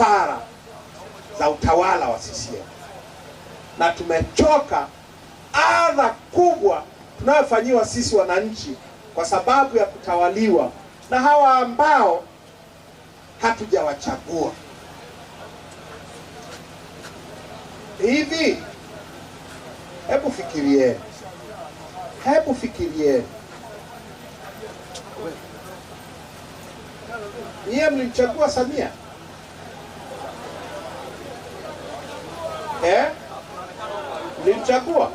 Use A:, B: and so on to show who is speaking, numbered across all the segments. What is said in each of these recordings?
A: hasara za utawala wa CCM na tumechoka adha kubwa tunayofanyiwa sisi wananchi kwa sababu ya kutawaliwa na hawa ambao hatujawachagua. Hivi hebu fikirieni, hebu fikirieni, niye mlimchagua Samia eh? Mlimchagua,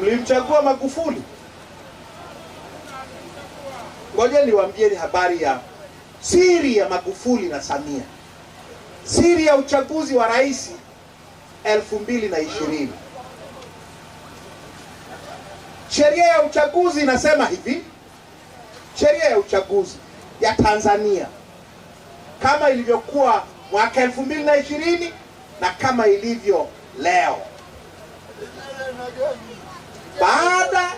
A: mlimchagua Magufuli. Ngoja ni habari ya siri ya Magufuli na Samia, siri ya uchaguzi wa rais elfu mbili na ishirini. Sheria ya uchaguzi inasema hivi, sheria ya uchaguzi ya Tanzania kama ilivyokuwa mwaka elfu mbili na ishirini na kama ilivyo leo. Baada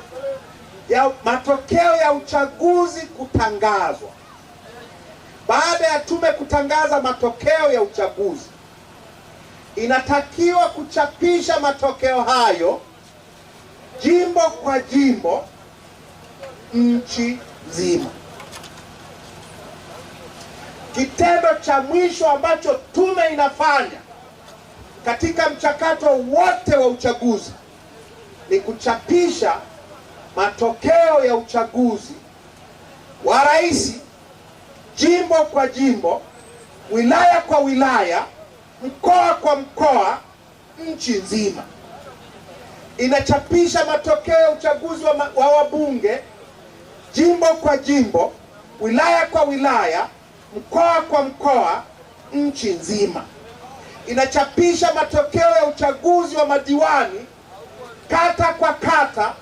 A: ya matokeo ya uchaguzi kutangazwa, baada ya tume kutangaza matokeo ya uchaguzi, inatakiwa kuchapisha matokeo hayo jimbo kwa jimbo, nchi nzima. Kitendo cha mwisho ambacho tume inafanya katika mchakato wote wa uchaguzi ni kuchapisha matokeo ya uchaguzi wa rais jimbo kwa jimbo, wilaya kwa wilaya, mkoa kwa mkoa, nchi nzima. Inachapisha matokeo ya uchaguzi wa, wa wabunge jimbo kwa jimbo, wilaya kwa wilaya mkoa kwa mkoa, nchi nzima, inachapisha matokeo ya uchaguzi wa madiwani kata kwa kata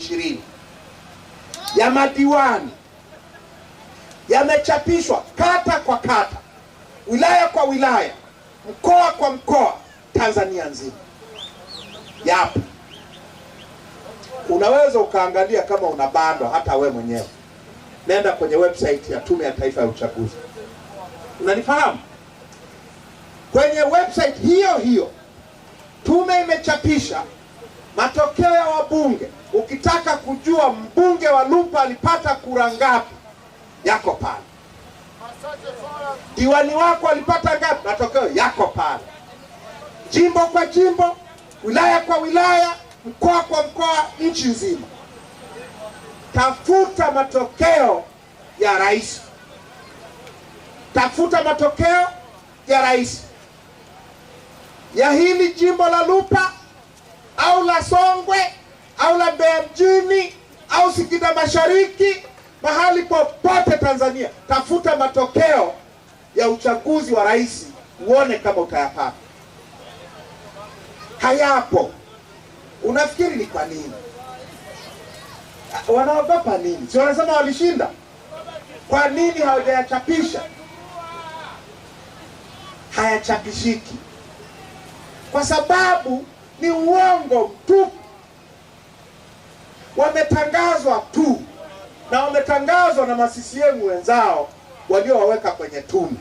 A: ishirini ya madiwani yamechapishwa kata kwa kata, wilaya kwa wilaya, mkoa kwa mkoa, Tanzania nzima yapo. Unaweza ukaangalia kama una bandwa, hata we mwenyewe nenda kwenye website ya Tume ya Taifa ya Uchaguzi. Unanifahamu? Kwenye website hiyo hiyo tume imechapisha matokeo ya wabunge, ukitaka kujua mbunge wa Lupa alipata kura ngapi, yako pale. Diwani wako alipata ngapi, matokeo yako pale. Jimbo kwa jimbo, wilaya kwa wilaya, mkoa kwa mkoa, nchi nzima. Tafuta matokeo ya rais, tafuta matokeo ya rais ya hili jimbo la Lupa Songwe au la Mbeya mjini au Singida Mashariki, mahali popote Tanzania, tafuta matokeo ya uchaguzi wa rais uone kama utayapata. Hayapo. Unafikiri ni kwa nini? Wanaogopa nini? Si wanasema walishinda? Kwa nini hawajayachapisha? Hayachapishiki kwa sababu ni uongo tu, wametangazwa tu na wametangazwa na masisi CCM wenzao waliowaweka kwenye tume.